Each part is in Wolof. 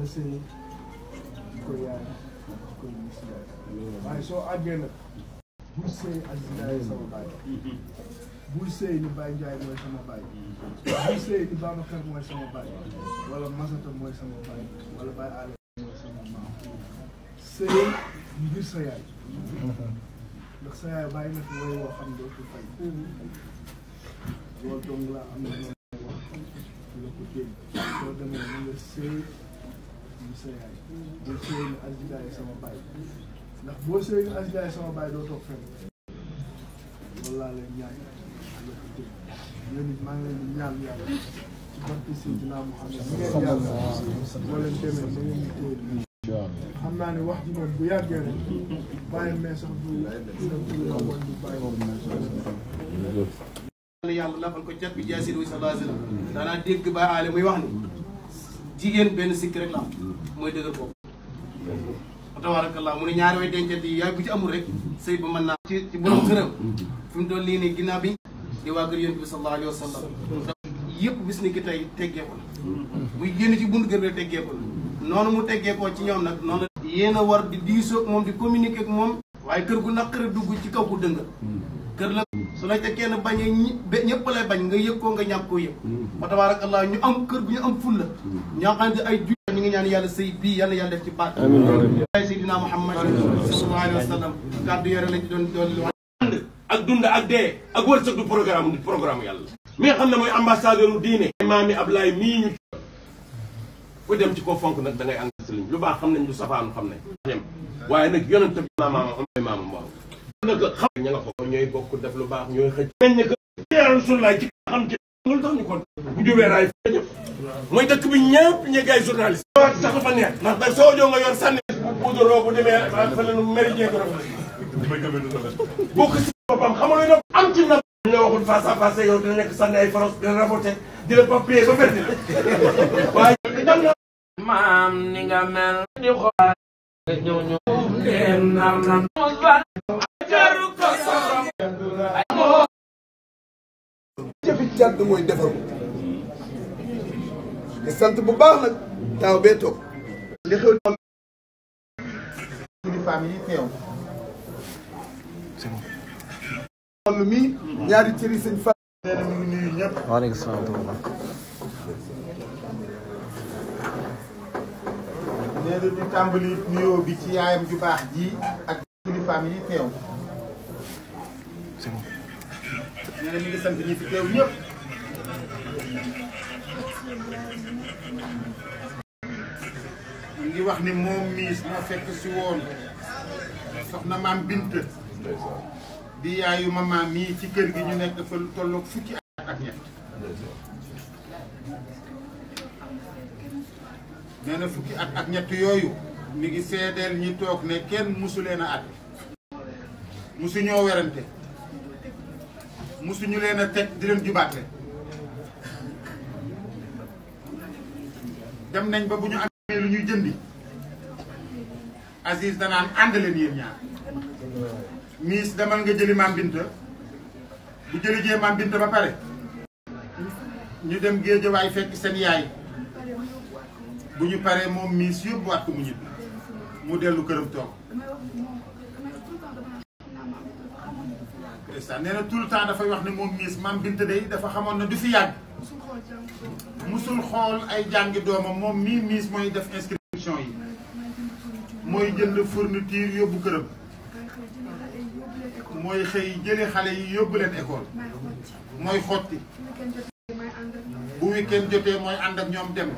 você se você é Korea. Right, so é again, Bursa Azizai Samabai. Bursa ni Banjai Moy Samabai. Bursa ni Babakar Moy Samabai. você Masata Moy Samabai. Wala Bay Ali não Samabai. Say, ngir sa yaay. Ndax sa não bàyyi na fi way Eu não sei se você Loolu dong la am na wax. Nga ko dégg. Soo demee nga sëy du sa yaay boo sëyee asbilaay sama baay ndax boo sëyee asbilaay sama baay doo toog fenn loolu laa leen ñaan yéen it maa ngi leen di ñaan yàlla ci barke Seydina Muhammad mi ngeen yàlla boo leen demee na ngeen téye xam naa ne wax ji moom bu yàggee rek bàyyi mais sax du du ko woon du bàyyi yàlla nafal ko cat bi jaasir wi sallallahu alayhi wa sallam daanaa dégg ba aale muy wax ni jigéen benn sikk rek la am mm. mooy dëgër bopp a tabaarakallaa mu ne ñaari way dencante yi yaay bu ci amul rek mm-hmm. sëy ba mën naa ci ci borom këram mm-hmm. Mm-hmm. fi mu toll nii nii ginnaaw bi di waa kër yonent bi sallallahu alayhi wa sallam yëpp bis ni ki tey teggeekul muy génn ci buntu kër bi teggeekul noonu mu teggeekoo ci ñoom nag noonu yéen a war di diisoo moom di communiquer ko moom waaye kër gu naqari dugg ci kaw ku dënga kër la su la ca kenn bañee ñëpp lay bañ nga yëg ko nga ñàkk koo yëg wa mm-hmm. tabarakallah ñu am kër bu ñu am fulla mm-hmm. ñoo xam ne ay ju ñu ngi ñaan yàlla sëy bii yàlla yàlla def ci baat ay seydina muhammad sallallahu alayhi wa sallam kàddu yore lañ ci doon doon ak dund ak dee ak wërsëg du programme du programme yàlla mi xam ne mooy ambassadeur u diine maami Ablaye mii ñu ku dem ci ko fonk nag da ngay la sëriñ lu baax xam nañ lu safaanu xam ne waaye nag yonent bi maamam am maamam na ko xam ña nga fa ñooy bokk def lu baax ñooy xëj mel ne que yàlla journal ci xam ci loolu tax ñu kon bu jubee raay fa jëf mooy dëkk bi ñëpp ñi gay journaliste wax sax fa neex ndax da soo joo nga yor sànni puudaroo bu demee fa la nu méridien ko rafet bokk si boppam xamalooy na am ci na ñu la waxul face à face yow dina nekk sànni ay faros dina raboté dina papier ba verdi la waaye dem na maam ni nga mel di xool ñëw ñëw leen nar na jëfi jàdd mooy defar ko di sant bu baax nag daaw bee li xew kilifaam yi teew wàllu mi ñaari cëri sëñ fa nee na mu ngi nuyu ñëpp waaleykum bi ci yaayam ju baax ji ak kilifaam yi teew c'est bon. nee na ngi wax ni moom miis moo fekk si woon soxna maam Bint. di yaayu maman mii ci kër gi ñu nekk dafa tolloog fukki at ak fukki at ak mi ngi ñi ne kenn at. musu ñoo ñu leen a teg di leen jubaate dem nañ ba bu ñu amee lu ñu jëndi Aziz danaan ànd leen yéen ñaar miis demal nga jëli maam Binta bu jëli jee maam ba pare ñu dem géejawaay fekk seen yaay bu ñu paree moom miis yóbbuwaat ko mu ñibbi mu dellu këram toog ndeysaan nee na tout le temps dafay wax ne moom miis maam Binta day dafa xamoon na du fi yàgg mosul xool ay jàngi doomam moom mii miis mooy def inscription yi mooy jënd fourniture yóbbu këram mooy xëy jëli xale yi yóbbu leen école mooy xotti bu weekend jotee mooy ànd ak ñoom dem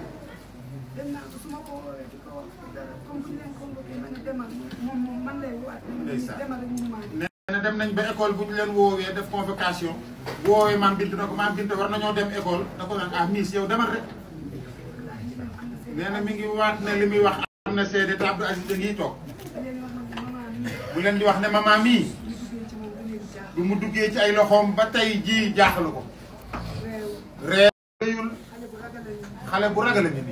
ndeysaan dem nañ ba école bu ñu leen woowee def convocation woowee maam Bintu na ko maam Bintu war nañoo dem école da ko naan ah miss yow demal nee na mi ngi waat li muy wax am na seede te Abdou Aziz da leen di wax ne maman mii du mu duggee ci ay loxoom ba tey jii jaaxlu ko réeyul xale bu ragal a ngi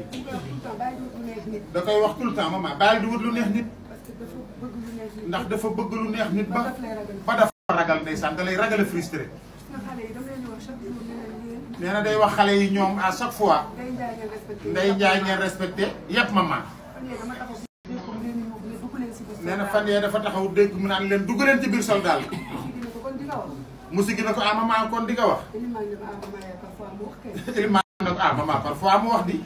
da koy wax tout le temps maman bàyyi du wut lu neex nit ndax dafa bëgg lu neex nit ba ba dafa ragal ndaysan da lay ragal frustré nee day wax xalé yi ñom à chaque fois nday jaay ngeen respecté yépp mama nee fan ye dafa taxaw dégg mu naan leen duggu leen ci bir sol dal musique nako a ah, mama kon diga wax ko nako ah, a mama parfois mu wax ke na nako a ah, mama parfois mu wax di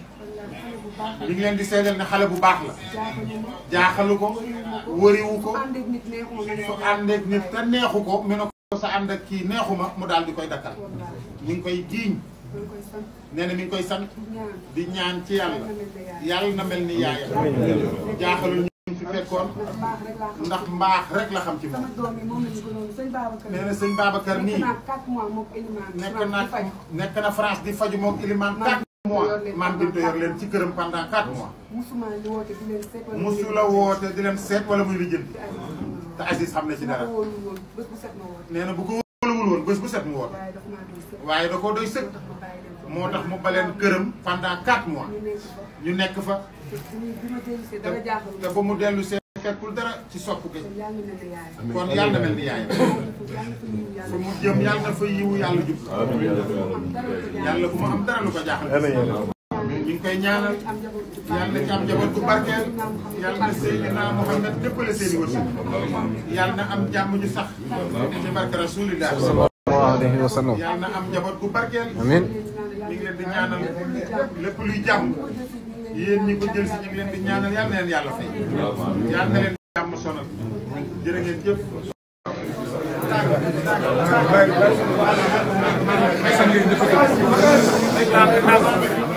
ñu ngi leen di seedeel ne xale bu baax la. jaaxalu ko wëriwu ko su àndeek nit te neexu ko mu ne ko sa ànd ak kii neexu ma mu daal di koy dakkal ñu ngi koy jiiñ nee na mi ngi koy sant di ñaan ci yàlla yàlla na mel ni yaayam jaaxalul ñu fi fekkoon ndax mbaax rek la xam ci moom nee na sëñ Babacar nii nekk na nekk na France di faju mook ilimaan mois maam Binta yor leen ci këram pendant 4 mois. musu la woote di leen seet wala muy lijjanti. te Aziz xam na ci dara. nee bu ko wóoluwul woon bés bu set mu woon. waaye da koo doy sëkk. moo tax mu baleen këram pendant 4 mois. ñu nekk fa. te ba mu dellu see fekkul dara ci sopp gi kon yàlla na mel ni yaay fu mu jëm yàlla fa yiwu yàlla jub yàlla bu mu am dara lu ko jaaxal yàlla na ci am yàlla jàmm ju sax ci barke rasulillah alayhi wa sallam yàlla na am njaboot bu barkeel amiin ñu ngi ñaanal lépp luy jàmm yéen ñi ko ngi di ñaanal sonal. ngeen jëf. Thank you.